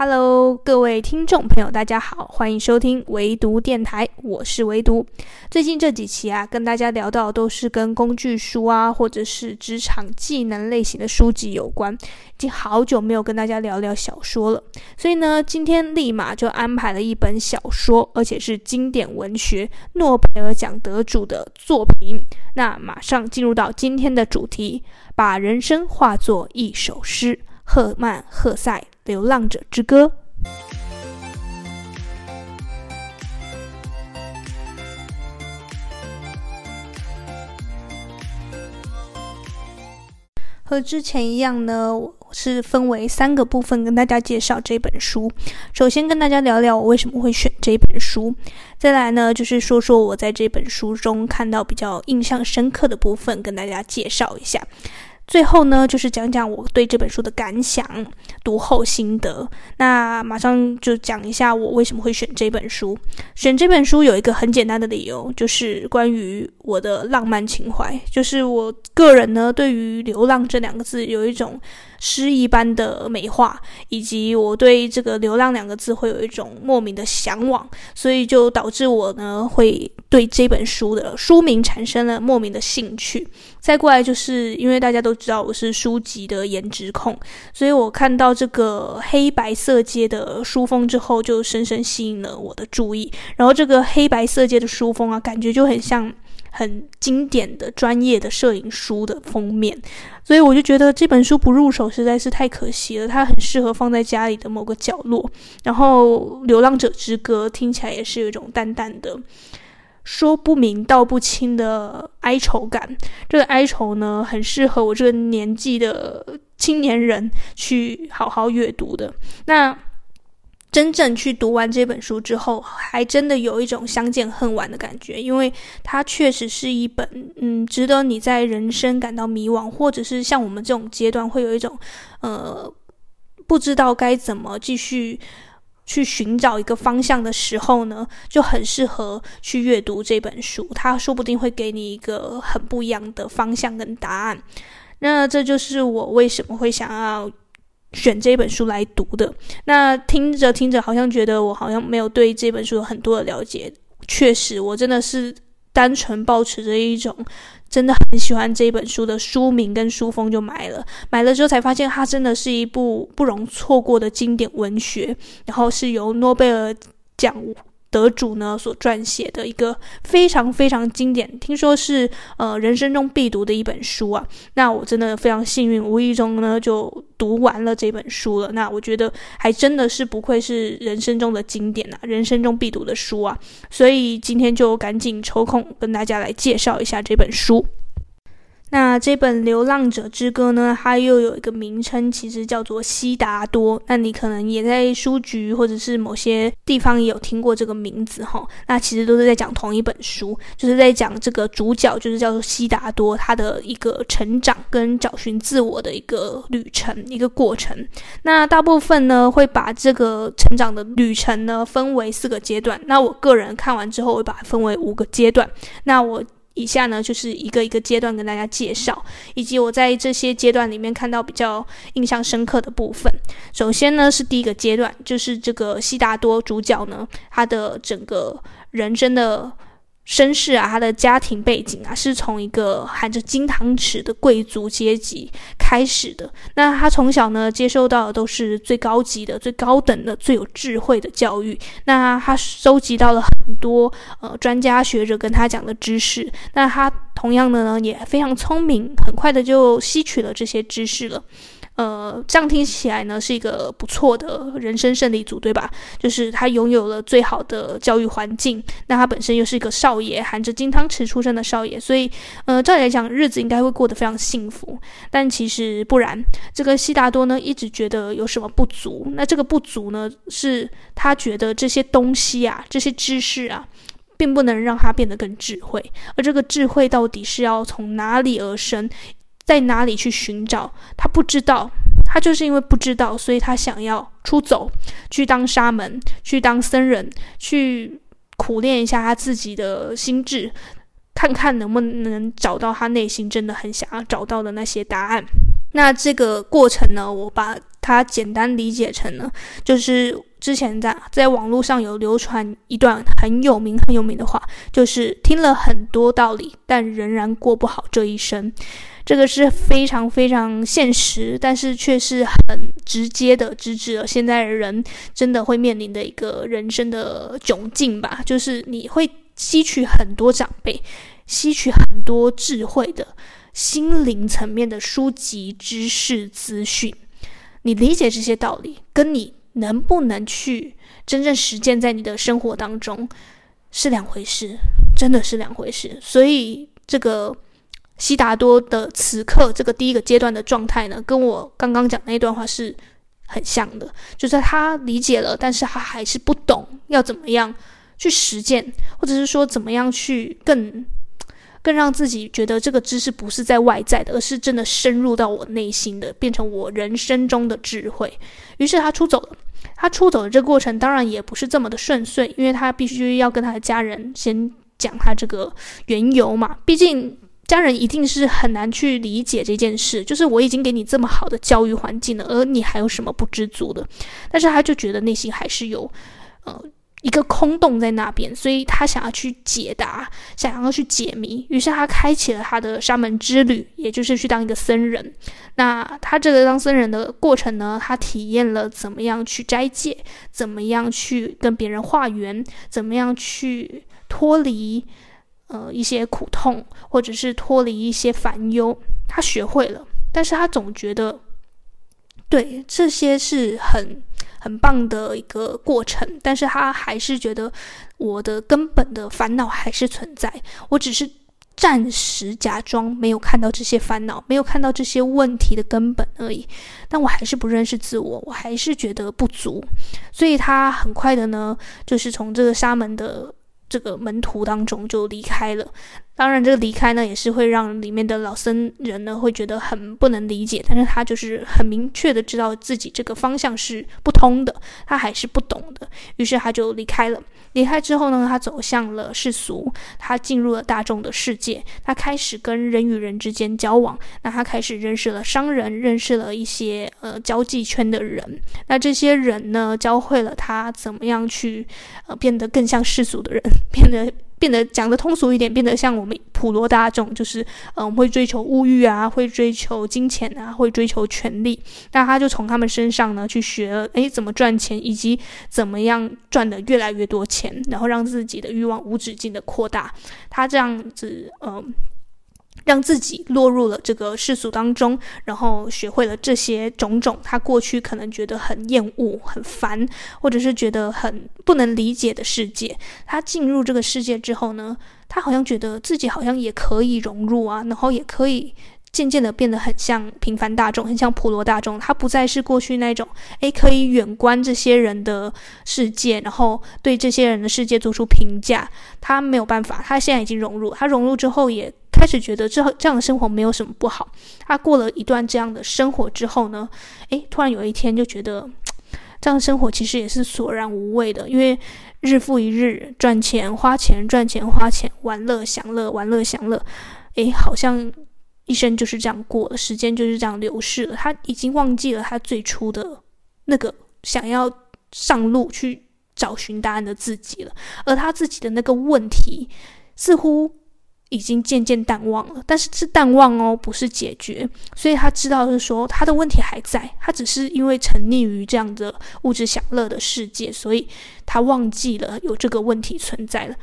哈嘍，Hello, 各位聽眾朋友，大家好，歡迎收聽微讀電台，我是微讀。最近這幾期啊，跟大家聊到都是跟工具書啊，或者是職場技能類型的書籍有關。已經好久沒有跟大家聊聊小說了，所以呢，今天立馬就安排了一本小說，而且是經典文學、諾貝爾獎得主的作品。那馬上進入到今天的主題：把人生化作一首詩——赫曼·赫塞。《流浪者之歌》，和之前一樣呢，我是分為三個部分跟大家介紹這一本書。首先跟大家聊聊我為什麼會選這一本書，再來呢，就是說說我在這一本書中看到比較印象深刻的部分，跟大家介紹一下。最後呢，就是講講我對這本書的感想、讀後心得。那馬上就講一下我為什麼會選這本書。選這本書有一個很簡單的理由，就是關於我的浪漫情懷。就是我個人呢，對於“流浪”這兩個字有一種詩一般的美化，以及我對這個“流浪”兩個字會有一種莫名的向往，所以就導致我呢會對這本書的書名產生了莫名的興趣。再過來，就是因為大家都知道我是書籍的顏值控，所以我看到這個黑白色階的書封之後，就深深吸引了我的注意。然後這個黑白色階的書封啊，感覺就很像。很經典的專業的攝影書的封面，所以我就覺得這本書不入手實在是太可惜了。它很適合放在家裡的某個角落。然後《流浪者之歌》聽起來也是有一種淡淡的、說不明道不清的哀愁感。這個哀愁呢，很適合我這個年紀的青年人去好好閱讀的。那，真正去讀完這本書之後，還真的有一種相見恨晚的感覺，因為它確實是一本嗯，值得你在人生感到迷惘，或者是像我們這種階段會有一種，呃，不知道該怎麼繼續去尋找一個方向的時候呢，就很適合去閱讀這本書。它說不定會給你一個很不一樣的方向跟答案。那這就是我為什麼會想要。選這本書來讀的，那聽着聽着，好像覺得我好像沒有對這本書有很多的了解。確實，我真的是單純抱持着一種真的很喜歡這本書的書名跟書封就買了，買了之後才發現它真的是一部不容錯過的經典文學，然後是由諾貝爾獎。得主呢，所撰寫的一個非常非常經典，聽說是呃人生中必讀的一本書啊。那我真的非常幸運，無意中呢就讀完了這本書了。那我覺得還真的是不愧是人生中的經典啊，人生中必讀的書啊。所以今天就趕緊抽空跟大家來介紹一下這本書。那這本《流浪者之歌》呢，它又有一個名稱，其實叫做《悉達多》。那你可能也在書局或者是某些地方也有聽過這個名字，哈。那其實都是在講同一本書，就是在講這個主角，就是叫做悉達多，他的一個成長跟找尋自我的一個旅程、一個過程。那大部分呢，會把這個成長的旅程呢，分為四個階段。那我個人看完之後，我會把它分為五個階段。那我。以下呢，就是一個一個階段跟大家介紹，以及我在這些階段裡面看到比較印象深刻的部分。首先呢，是第一個階段，就是這個悉達多主角呢，他的整個人生的。身世啊，他的家庭背景啊，是從一個含着金湯匙的貴族階級開始的。那他從小呢，接受到的都是最高級的、最高等的、最有智慧的教育。那他收集到了很多呃專家學者跟他講的知識。那他同樣的呢，也非常聰明，很快的就吸取了這些知識了。呃，這樣聽起來呢，是一個不錯的人生勝利組，對吧？就是他擁有了最好的教育環境，那他本身又是一個少爺，含着金湯匙出生的少爺，所以，呃，照理來講，日子應該會過得非常幸福。但其實不然，這個悉達多呢，一直覺得有什麼不足。那這個不足呢，是他覺得這些東西啊，這些知識啊，並不能讓他變得更智慧。而這個智慧到底是要從哪裡而生？在哪裡去尋找？他不知道，他就是因為不知道，所以他想要出走去當沙門，去當僧人，去苦練一下他自己的心智，看看能不能找到他內心真的很想要找到的那些答案。那這個過程呢，我把它簡單理解成了，就是之前在在網絡上有流傳一段很有名很有名的話，就是聽了很多道理，但仍然過不好這一生。這個是非常非常現實，但是卻是很直接的，指出了現在人真的會面臨的一個人生的窘境吧。就是你會吸取很多長輩、吸取很多智慧的心靈層面的書籍、知識、資訊，你理解這些道理，跟你能不能去真正實踐在你的生活當中是兩回事，真的是兩回事。所以這個。悉達多的此刻這個第一個階段的狀態呢，跟我剛剛講的那一段話是很像的，就是他理解了，但是他還是不懂要怎麼樣去實踐，或者是說怎麼樣去更更讓自己覺得這個知識不是在外在的，而是真的深入到我內心的，變成我人生中的智慧。於是他出走了，他出走的這個過程當然也不是這麼的順遂，因為他必須要跟他的家人先講他這個緣由嘛，畢竟。家人一定是很難去理解這件事，就是我已經給你這麼好的教育環境了，而你還有什麼不知足的？但是他就覺得內心還是有，呃，一個空洞在那邊，所以他想要去解答，想要去解謎，於是他開啟了他的沙門之旅，也就是去當一個僧人。那他這個當僧人的過程呢，他體驗了怎麼樣去齋戒，怎麼樣去跟別人化緣，怎麼樣去脫離。呃，一些苦痛，或者是脫離一些煩憂，他學會了，但是他總覺得，對，這些是很很棒的一個過程，但是他還是覺得我的根本的煩惱還是存在，我只是暫時假裝沒有看到這些煩惱，沒有看到這些問題的根本而已，但我還是不認識自我，我還是覺得不足，所以他很快的呢，就是從這個沙門的。這個門徒當中就離開了。當然，這個離開呢，也是會讓裡面的老僧人呢，會覺得很不能理解。但是他就是很明確的知道自己這個方向是不通的，他還是不懂的。於是他就離開了。離開之後呢，他走向了世俗，他進入了大眾的世界，他開始跟人與人之間交往。那他開始認識了商人，認識了一些呃交際圈的人。那這些人呢，教會了他怎麼樣去呃變得更像世俗的人，變得。變得講得通俗一點，變得像我們普羅大眾，就是，嗯，會追求物慾啊，會追求金錢啊，會追求權力。那他就從他們身上呢，去學了，誒、欸、怎麼賺錢，以及怎麼樣賺得越來越多錢，然後讓自己的慾望無止境地擴大。他這樣子，嗯。讓自己落入了這個世俗當中，然後學會了這些種種，他過去可能覺得很厭惡、很煩，或者是覺得很不能理解的世界。他進入這個世界之後呢，他好像覺得自己好像也可以融入啊，然後也可以。漸漸的變得很像平凡大眾，很像普羅大眾。他不再是過去那種，誒，可以遠觀這些人的世界，然後對這些人的世界做出評價。他沒有辦法，他現在已經融入。他融入之後，也開始覺得這這樣的生活沒有什麼不好。他過了一段這樣的生活之後呢，誒，突然有一天就覺得，這樣的生活其實也是索然無味的，因為日復一日賺錢、花錢、賺錢、花錢、玩樂、享樂、玩樂、享樂，誒，好像。一生就是這樣過了，時間就是這樣流逝了。他已經忘記了他最初的那個想要上路去找尋答案的自己了，而他自己的那個問題似乎已經漸漸淡忘了。但是是淡忘哦，不是解決。所以他知道的是說他的問題還在，他只是因為沉溺於這樣的物質享樂的世界，所以他忘記了有這個問題存在了。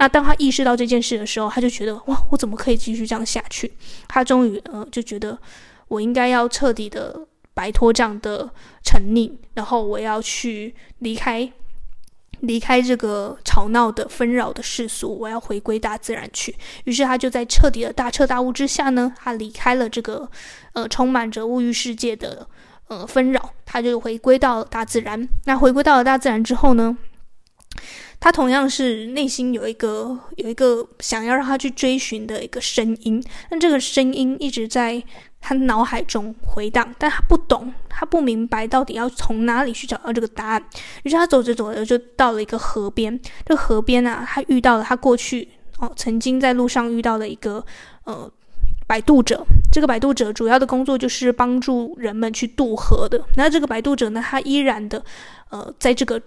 那當他意識到這件事的時候，他就覺得哇，我怎麼可以繼續這樣下去？他終於呃就覺得，我應該要徹底的擺脫這樣的沉溺，然後我要去離開，離開這個吵鬧的紛擾的世俗，我要回歸大自然去。於是他就在徹底的大徹大悟之下呢，他離開了這個呃充滿着物欲世界的呃紛擾，他就回歸到了大自然。那回歸到了大自然之後呢？他同樣是內心有一個有一個想要讓他去追尋的一個聲音，但這個聲音一直在他腦海中迴盪，但他不懂，他不明白到底要從哪裡去找到這個答案。於是他走着走着就到了一個河邊，這個河邊呢，啊，他遇到了他過去哦曾經在路上遇到了一個呃擺渡者。這個擺渡者主要的工作就是幫助人們去渡河的。那這個擺渡者呢，他依然的呃在這個。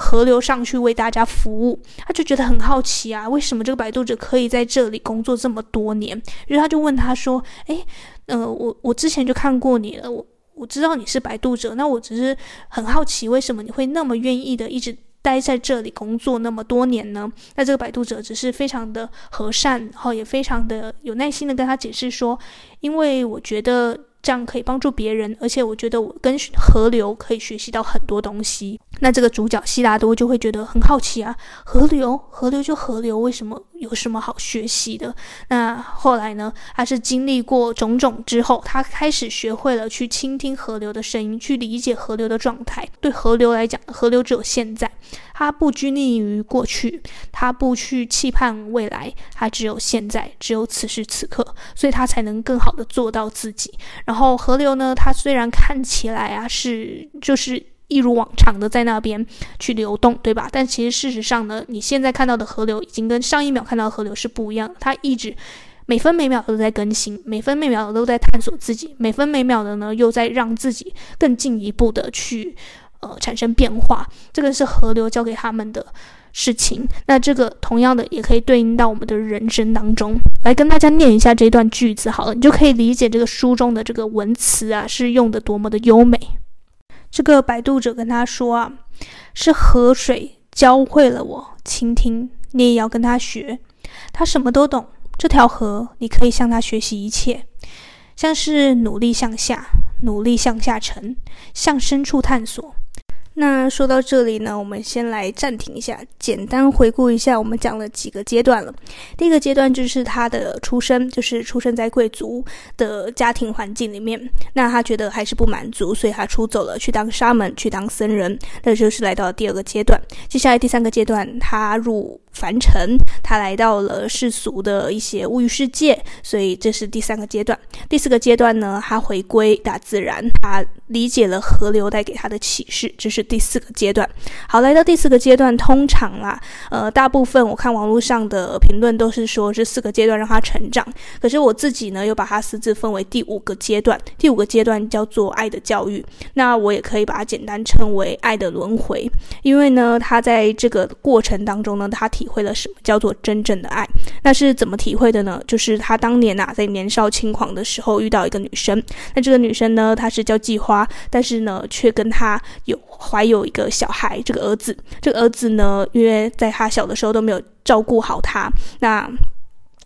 河流上去為大家服務，他就覺得很好奇啊，為什麼這個擺渡者可以在這裡工作這麼多年？於是他就問他說：“誒，呃，我我之前就看過你了，我我知道你是擺渡者，那我只是很好奇，為什麼你會那麼願意的一直待在這裡工作那麼多年呢？”那這個擺渡者只是非常的和善，然後也非常的有耐心的跟他解釋說：“因為我覺得。”這樣可以幫助別人，而且我覺得我跟河流可以學習到很多東西。那這個主角悉達多就會覺得很好奇啊，河流，河流就河流，為什麼有什麼好學習的？那後來呢，他是經歷過種種之後，他開始學會了去傾聽河流的聲音，去理解河流的狀態。對河流來講，河流只有現在。他不拘泥於過去，他不去期盼未來，他只有現在，只有此時此刻，所以他才能更好的做到自己。然後河流呢，它雖然看起來啊是就是一如往常的在那邊去流動，對吧？但其實事實上呢，你現在看到的河流已經跟上一秒看到的河流是不一樣的，它一直每分每秒都在更新，每分每秒都在探索自己，每分每秒的呢又在讓自己更進一步的去。呃，產生變化，這個是河流教給他們的事情。那這個同樣的也可以對應到我們的人生當中。來跟大家念一下這一段句子，好了，你就可以理解這個書中的這個文詞啊，是用得多麼的優美。這個擺渡者跟他說啊，是河水教會了我傾聽，你也要跟他學。他什麼都懂，這條河你可以向他學習一切，像是努力向下，努力向下沉，向深處探索。那說到這裡呢，我們先來暫停一下，簡單回顧一下我們講了幾個階段了。第一個階段就是他的出生，就是出生在貴族的家庭環境裡面。那他覺得還是不滿足，所以他出走了，去當沙門，去當僧人，那就是來到了第二個階段。接下來第三個階段，他入凡塵，他來到了世俗的一些物欲世界，所以這是第三個階段。第四個階段呢，他回歸大自然，他理解了河流帶給他的啟示，這是第四個階段。好，來到第四個階段，通常啦、啊，呃，大部分我看網絡上的評論都是說這四個階段讓他成長，可是我自己呢，又把它私自分為第五個階段。第五個階段叫做愛的教育，那我也可以把它簡單稱為愛的輪迴，因為呢，他在這個過程當中呢，他，體會了什麼叫做真正的愛？那是怎麼體會的呢？就是他當年吶、啊，在年少輕狂的時候遇到一個女生，那這個女生呢，她是叫季花，但是呢，卻跟他有懷有一個小孩，這個兒子，這個兒子呢，因為在他小的時候都沒有照顧好他，那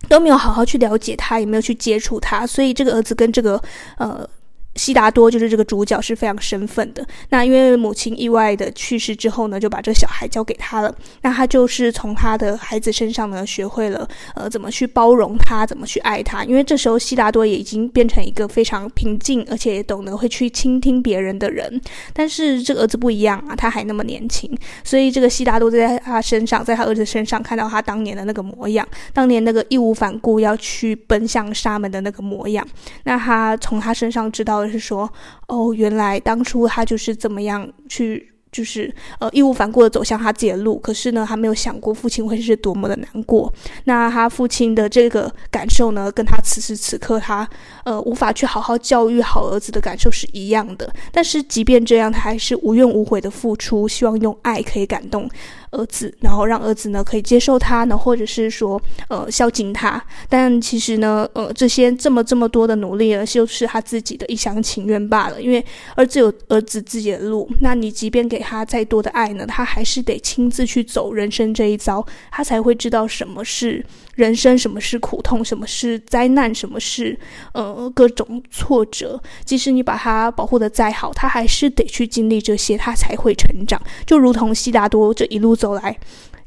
都沒有好好去了解他，也沒有去接觸他，所以這個兒子跟這個呃。悉達多就是這個主角，是非常生分的。那因為母親意外的去世之後呢，就把這個小孩交給他了。那他就是從他的孩子身上呢，學會了呃怎麼去包容他，怎麼去愛他。因為這時候悉達多也已經變成一個非常平靜，而且也懂得會去傾聽別人的人。但是這個兒子不一樣啊，他還那麼年輕，所以這個悉達多在他身上，在他兒子身上看到他當年的那個模樣，當年那個義無反顧要去奔向沙門的那個模樣。那他從他身上知道，而是說，哦，原來當初他就是怎麼樣去，就是呃，義無反顧的走向他自己的路。可是呢，他沒有想過父親會是多麼的難過。那他父親的這個感受呢，跟他此時此刻他呃，無法去好好教育好兒子的感受是一樣的。但是即便這樣，他還是無怨無悔的付出，希望用愛可以感動兒子，然後讓兒子呢可以接受他呢，或者是說，呃，孝敬他。但其實呢，呃，這些這麼這麼多的努力呢，就是他自己的一廂情願罷了。因為兒子有兒子自己的路，那你即便給他再多的愛呢，他還是得親自去走人生這一遭，他才會知道什麼是。人生什麼是苦痛，什麼是災難，什麼是呃各種挫折，即使你把它保護得再好，它還是得去經歷這些，它才會成長。就如同悉達多這一路走來。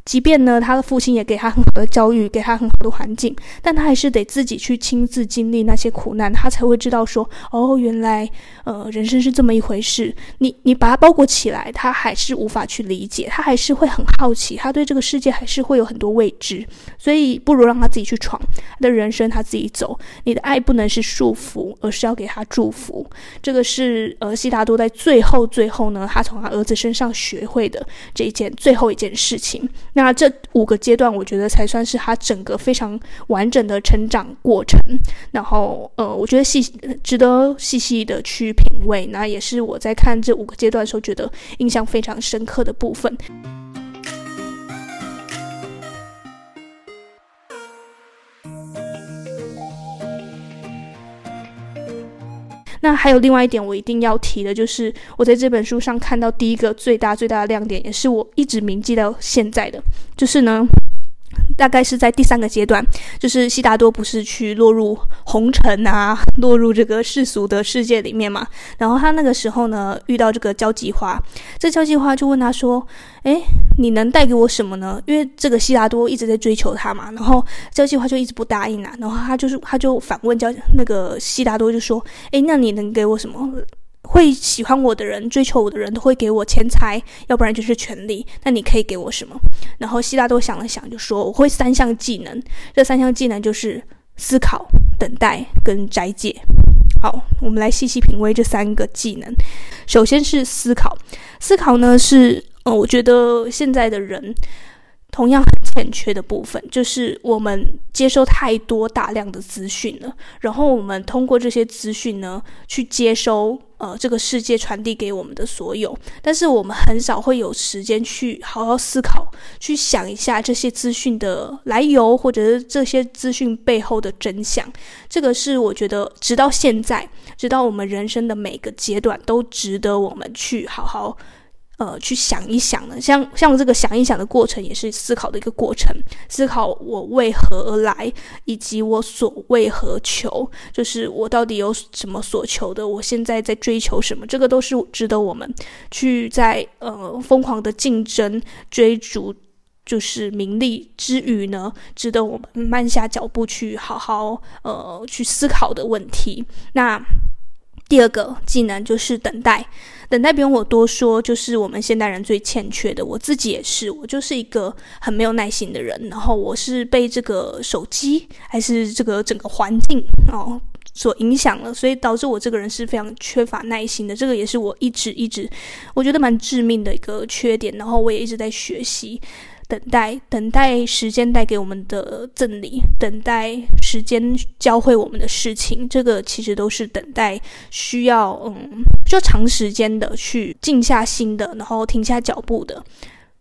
即便呢，他的父親也給他很好的教育，給他很好的環境，但他還是得自己去親自經歷那些苦難，他才會知道說，哦，原來，呃，人生是這麼一回事。你你把它包裹起來，他還是無法去理解，他還是會很好奇，他對這個世界還是會有很多未知，所以不如讓他自己去闖，他的人生他自己走。你的愛不能是束縛，而是要給他祝福。這個是呃，悉達多在最後最後呢，他從他兒子身上學會的這一件最後一件事情。那這五個階段，我覺得才算是他整個非常完整的成長過程。然後，呃，我覺得細，值得細細的去品味。那也是我在看這五個階段的時候，覺得印象非常深刻的部分。那還有另外一點，我一定要提的，就是我在這本書上看到第一個最大最大的亮點，也是我一直銘記到現在的，就是呢。大概是在第三個階段，就是悉達多不是去落入紅塵啊，落入這個世俗的世界裡面嘛。然後他那個時候呢，遇到這個交際花，這交際花就問他說：“誒，你能帶給我什麼呢？”因為這個悉達多一直在追求她嘛。然後交際花就一直不答應啊。然後他就是他就反問交那個悉達多就說：“誒，那你能給我什麼？”會喜歡我的人，追求我的人都會給我錢財，要不然就是權力。那你可以給我什麼？然後悉達多想了想，就說：“我會三項技能。這三項技能就是思考、等待跟齋戒。”好，我們來細細品味這三個技能。首先是思考，思考呢是……呃、哦，我覺得現在的人同樣。欠缺的部分就是我們接收太多大量的資訊了，然後我們通過這些資訊呢，去接收呃這個世界傳遞給我們的所有，但是我們很少會有時間去好好思考，去想一下這些資訊的來由，或者是這些資訊背後的真相。這個是我覺得直到現在，直到我們人生的每個階段都值得我們去好好。呃，去想一想呢，像像這個想一想的過程，也是思考的一個過程。思考我為何而來，以及我所為何求，就是我到底有什麼所求的，我現在在追求什麼，這個都是值得我們去在呃瘋狂的競爭追逐，就是名利之餘呢，值得我們慢下腳步去好好呃去思考的問題。那。第二個技能就是等待，等待不用我多說，就是我們現代人最欠缺的。我自己也是，我就是一個很沒有耐心的人。然後我是被這個手機還是這個整個環境哦所影響了，所以導致我這個人是非常缺乏耐心的。這個也是我一直一直我覺得蠻致命的一個缺點。然後我也一直在學習。等待，等待時間帶給我們的贈禮，等待時間教會我們的事情，這個其實都是等待需要，嗯，需要長時間的去靜下心的，然後停下腳步的。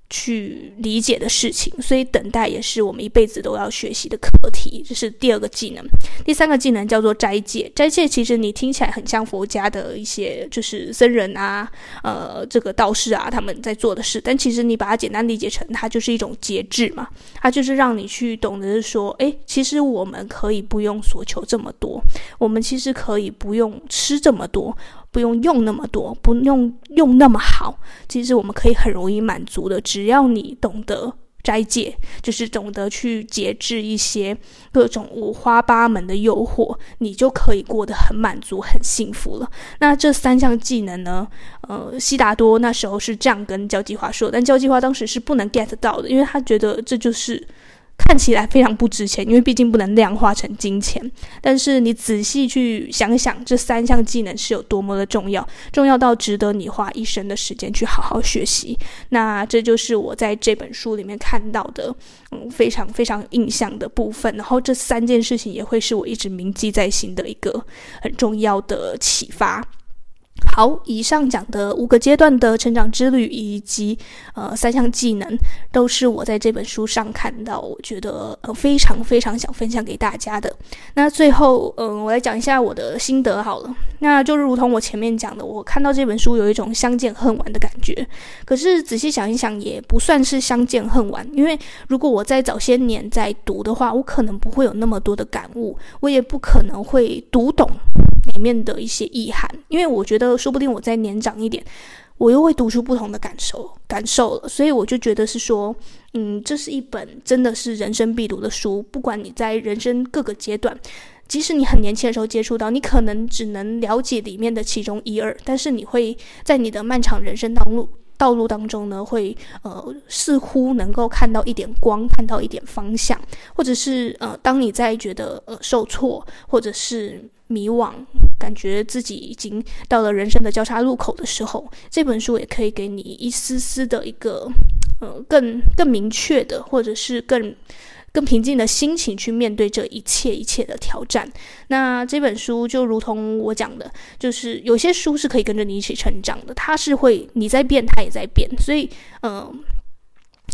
去理解的事情，所以等待也是我們一輩子都要學習的課題。這是第二個技能，第三個技能叫做齋戒。齋戒其實你聽起來很像佛家的一些，就是僧人啊，呃，這個道士啊，他們在做的事。但其實你把它簡單理解成，它就是一種節制嘛，它就是讓你去懂得說，誒，其實我們可以不用索求這麼多，我們其實可以不用吃這麼多。不用用那麼多，不用用那麼好。其實我們可以很容易滿足的，只要你懂得齋戒，就是懂得去節制一些各種五花八門的誘惑，你就可以過得很滿足、很幸福了。那這三項技能呢？呃，悉達多那時候是這樣跟交際花說，但交際花當時是不能 get 到的，因為他覺得這就是。看起來非常不值錢，因為畢竟不能量化成金錢。但是你仔細去想想，這三項技能是有多麼的重要，重要到值得你花一生的時間去好好學習。那這就是我在這本書裡面看到的，嗯，非常非常印象的部分。然後這三件事情也會是我一直銘記在心的一個很重要的啟發。好，以上講的五個階段的成長之旅，以及呃三項技能，都是我在這本書上看到，我覺得呃非常非常想分享給大家的。那最後，嗯，我來講一下我的心得好了。那就是如同我前面講的，我看到這本書有一種相見恨晚的感覺。可是仔細想一想，也不算是相見恨晚，因為如果我在早些年在讀的話，我可能不會有那麼多的感悟，我也不可能會讀懂，裡面的一些意涵，因為我覺得說不定我再年長一點，我又會讀出不同的感受感受了。所以我就覺得是說，嗯，這是一本真的是人生必讀的書，不管你在人生各個階段，即使你很年輕的時候接觸到，你可能只能了解裡面的其中一二，但是你會在你的漫長人生道路道路當中呢，會呃似乎能夠看到一點光，看到一點方向，或者是呃，當你在覺得呃受挫，或者是。迷惘，感覺自己已經到了人生的交叉路口的時候，這本書也可以給你一絲絲的一個，呃，更更明確的，或者是更更平靜的心情去面對這一切一切的挑戰。那這本書就如同我講的，就是有些書是可以跟着你一起成長的，它是會你在變，它也在變。所以，嗯、呃，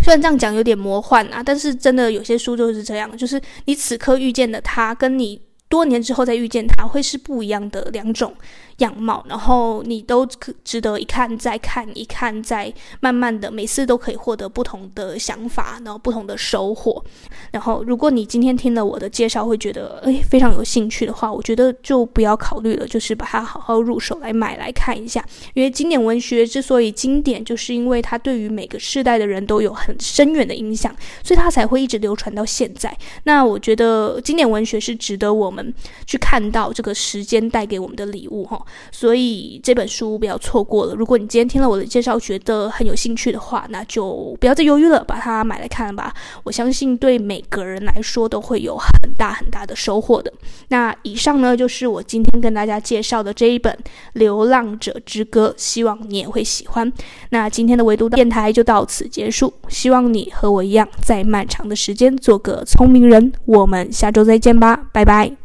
雖然這樣講有點魔幻啊，但是真的有些書就是這樣，就是你此刻遇見的他跟你。多年之後再遇見他，會是不一樣的兩種樣貌，然後你都可值得一看，再看一看，再慢慢的，每次都可以獲得不同的想法，然後不同的收穫。然後，如果你今天聽了我的介紹，會覺得誒、哎、非常有興趣的話，我覺得就不要考慮了，就是把它好好入手來買來看一下。因為經典文學之所以經典，就是因為它對於每個世代的人都有很深遠的影響，所以它才會一直流傳到現在。那我覺得經典文學是值得我們去看到這個時間帶給我們的禮物，齁。所以這本書不要錯過了。如果你今天聽了我的介紹，覺得很有興趣的話，那就不要再猶豫了，把它買來看了吧。我相信對每個人來說都會有很大很大的收穫的。那以上呢就是我今天跟大家介紹的這一本《流浪者之歌》，希望你也會喜歡。那今天的微讀電台就到此結束，希望你和我一樣，在漫長的時間做個聰明人。我們下周再見吧，拜拜。